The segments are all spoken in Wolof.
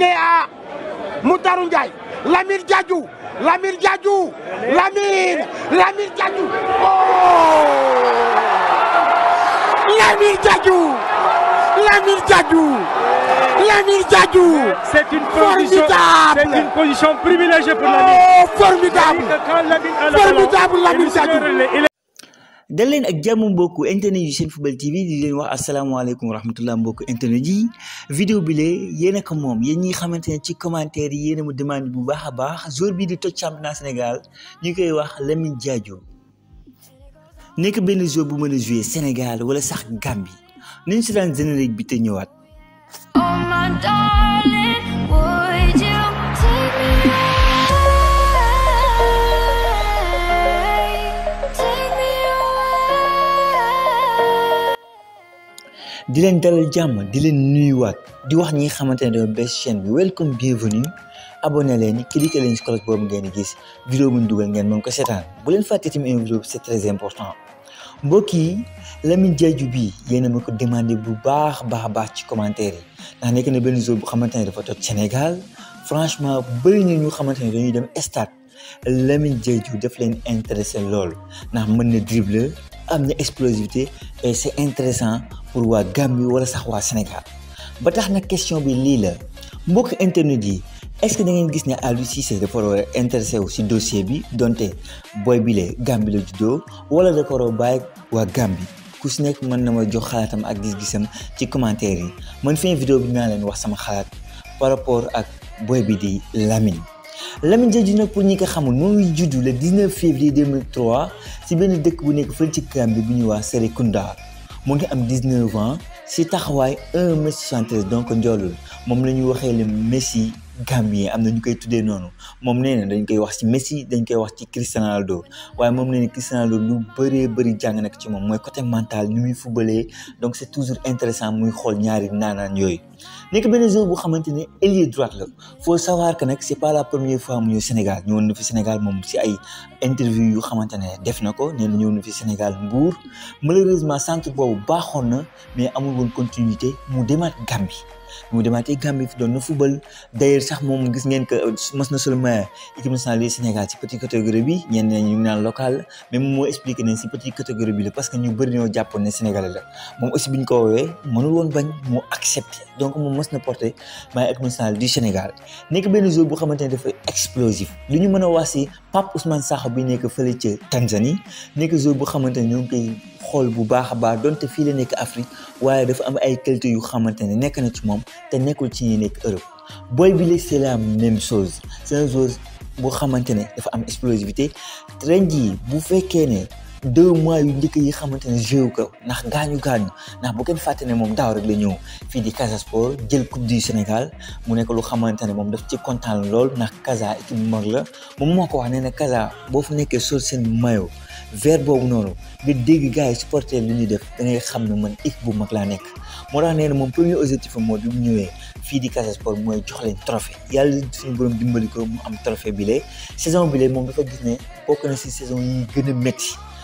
né à Moutarou Ndiaye Lamine Diadjou Lamine Diadjou Lamine Lamine Diadjou oh Lamine Diadjou Lamine Diadjou Lamine Diadjou C'est une position c'est une position privilégiée pour Lamine. Oh formidable Formidable Lamine Diadjou dal leen ak jàmm mbokku internet yu seen football TV di leen wax asalaamaaleykum wa rahmatulah mbokku internet yi vidéo bi la yéen a moom yéen ñi xamante ne ci commentaire yi yéen mu demande bu baax a baax jour bii di toj championnat Sénégal ñu koy wax Lamine jaajo nekk benn jour bu mën a jouer Sénégal wala sax Gambie nañ si daan générique bi te ñëwaat. Oh di leen dalal jàmm di leen nuyuwaat di wax ñi xamante ne dama bees chaîne bi welcome bienvenue abonné leen cliqué leen si cloche boobu ngeen di gis vidéo bu ñu ngeen mën ko seetaan bu leen fàtte tamit une vidéo c'est très important mbokk yi Lamine Diedhiou bii yéen a ma ko demandé bu baax baax baax ci commentaire yi ndax nekk na benn zone bu xamante ne dafa toj Sénégal franchement bëri na ñu xamante ne dañuy dem stade Lamine Diedhiou daf leen intéressé lool ndax mën na dribble am na explosivité et c'est intéressant pour wa gambi wala sax waa Sénégal ba tax na question bi lii la mbokk internet yi est-ce que da ngeen gis ne Aliou Cissé dafa war a intéressé wu dossier bi donte booy bile gambi la juddoo wala dafa war a bàyyi waa Gambie ku si nekk mën na ma jox ak gis-gisam ci commentaire yi man fi vidéo bi dinaa leen wax sama xalaat par rapport ak booy bi di Lamine. Lamine Diédhiou hamun, pour ñi ko xamul moom juddu le 19 février 2003 si benn dëkk bu nekk fële ci Gambie bi ñuy Je am 19 ans si taxawaay 1 m 73 donc je suis le Messi Gambien am na ñu koy tuddee noonu moom nee na dañ koy wax ci Messi dañ koy wax ci Cristiano Ronaldo waaye moom nee na Cristiano Ronaldo lu bëree bëri jàng nag ci moom mooy côté mental ni muy fubalee donc c'est toujours intéressant muy xool ñaari naanaan yooyu. nekk benn jour bu xamante ne ailier droite la faut savoir que nag c'est pas la première fois mu ñëw Sénégal ñëwoon na fi Sénégal moom ci ay interview yu xamante ne def na ko nee na ñëw na fi Sénégal Mbour malheureusement centre boobu baaxoon na mais amul woon continuité mu demaat Gambie mu demaatee Gambie fi doon na football d'ailleurs sax moom gis ngeen que euh, mas na seulement équipe nationale du Sénégal ci petite catégorie bi ñenn ñu ngi naan local mais moom moo expliqué ne ci petite catégorie bi la parce que ñu bëri ñoo jàppoon ne Sénégalais la moom aussi bi ko woowee mënul woon bañ mu accepté donc moom mas na porté maay équipe nationale du Sénégal nekk benn jour bu xamante ne dafa explosif li ñu mën a wax ci Pape Ousmane Sakho bi nekk fële ca Tanzanie nekk jour bu xamante ne ñoo ngi koy xool bu baax a baax donte fii la nekk Afrique waaye dafa am ay qualité yu xamante ne nekk na ci moom Tenez te nekkul ci Europe booy bi c'est la même chose c'est même chose boo xamante dafa am explosivité trendy, bu fekkee deux mois yu njëkk yi xamante ne joué ko ndax gaañu gaañu ndax bu kenn fàtte ne moom daaw rek la ñëw fii di Casa Sport jël coupe Sénégal mu nekk lu xamante ne moom daf ci kontaan lool ndax Casa équipe mag la moom moo ko wax ne ne Casa boo fa nekkee sol seen maillot vert boobu noonu nga dégg gars yi supporter li ñuy def xam ne man équipe mag laa nekk moo tax nee na moom premier objectif moo di mu ñëwee fii di Casa Sport mooy jox leen trophée yàlla dimbali ko am trophée bi saison bi lee moom dafa gis ne bokk si saison yi gën a métti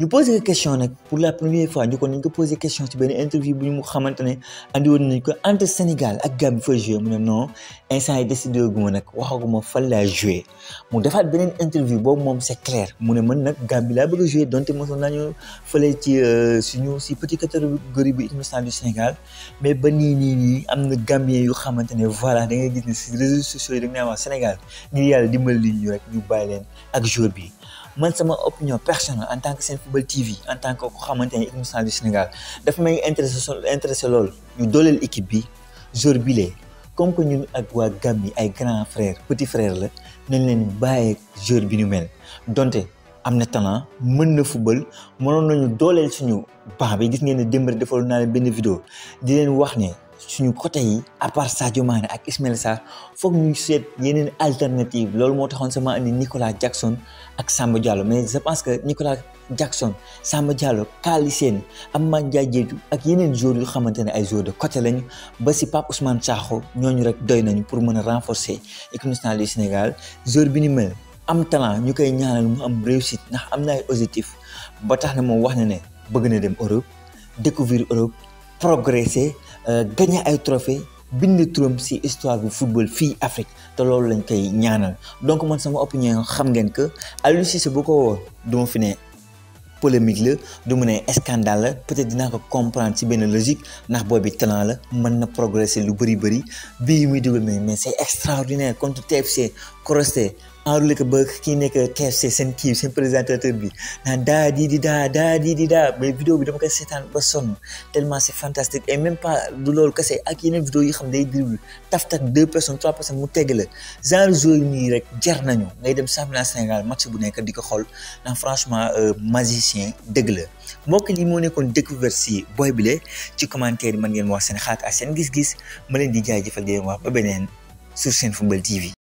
ñu posé question nag pour la première fois ñu ko nañ ko posé question ci benn interview bu ñu mu xamante ne andi woon nañ ko entre Sénégal ak Gambie fa joué mu ne non instant yi décidé gu ma nag waxaguma fan laa joué mu defaat beneen interview boobu moom c'est clair mu ne man nag Gambie laa bëgg a joué donte mosoon naa ñu fële ci euh, suñu si petit catégorie bu équipe du Sénégal mais ba nii nii nii am na Gambien yu xamante ne voilà da ngay gis ne si réseaux sociaux yi da nga naan wax Sénégal ngir yàlla dimbali ñu rek ñu bàyyi leen ak joueur bi man sama opinion personnelle en tant que seen football TV en tant que ko xamante ne équipe du Sénégal dafa may intéressé intéressé lool ñu dooleel équipe bi jour bile comme que ñun ak waa Gambie ay grand frère petit frère la nañ leen bàyyi jour bi ñu mel donte am na talent mën na football mënoon nañu dooleel suñu baax bi gis ngeen ne démb defalu naa leen benn vidéo di leen wax ne. suñu côté yi à part Sadio ak Ismail Sarr foog ñu seet yeneen alternative loolu moo taxoon sama andi Nicolas Jackson ak Samba Diallo mais je pense que Nicolas Jackson Samba Diallo Kaali am Amman Ndiaye Diédhiou ak yeneen joueurs yu xamante ne ay joueurs de côté lañu ba si Pape Ousmane Sakho ñooñu rek doy nañu pour mën a renforcer équipe nationale Sénégal joueur bi ni mel am talent ñu koy ñaanal mu am réussite ndax am na ay objectif ba tax na moom wax na ne bëgg na dem Europe découvrir Europe progresser. Euh, gagné ay trophée bind turam si histoire bu football fii Afrique te loolu lañ koy ñaanal donc man sama opinion xam ngeen que Aliou Cissé bu ko woo du ma fi ne polémique la du mu ne scandale la peut-être dinaa ko comprendre ci benn logique ndax boobi talent la mën na progresser lu bëri bëri bii muy dugal mais mais c'est extraordinaire contre TFC crossé en ko ba kii nekk KFC seen kii seen présentateur bi naan daa di di daa daa di di daa mais vidéo bi dama koy seetaan ba sonn tellement fantastique et même pas du loolu kese ak yenn vidéo yi xam day dribble taf taf deux personnes trois personnes mu teg la genre nii rek jar nañu ngay dem championnat Sénégal match bu nekk di ko xool naan franchement euh, magicien dëgg la mbokk li moo nekkoon découverte si Boy Billé ci commentaire yi ngeen wax seen xaat ak seen gis-gis ma leen di jaajëfal di leen wax beneen sur seen football TV.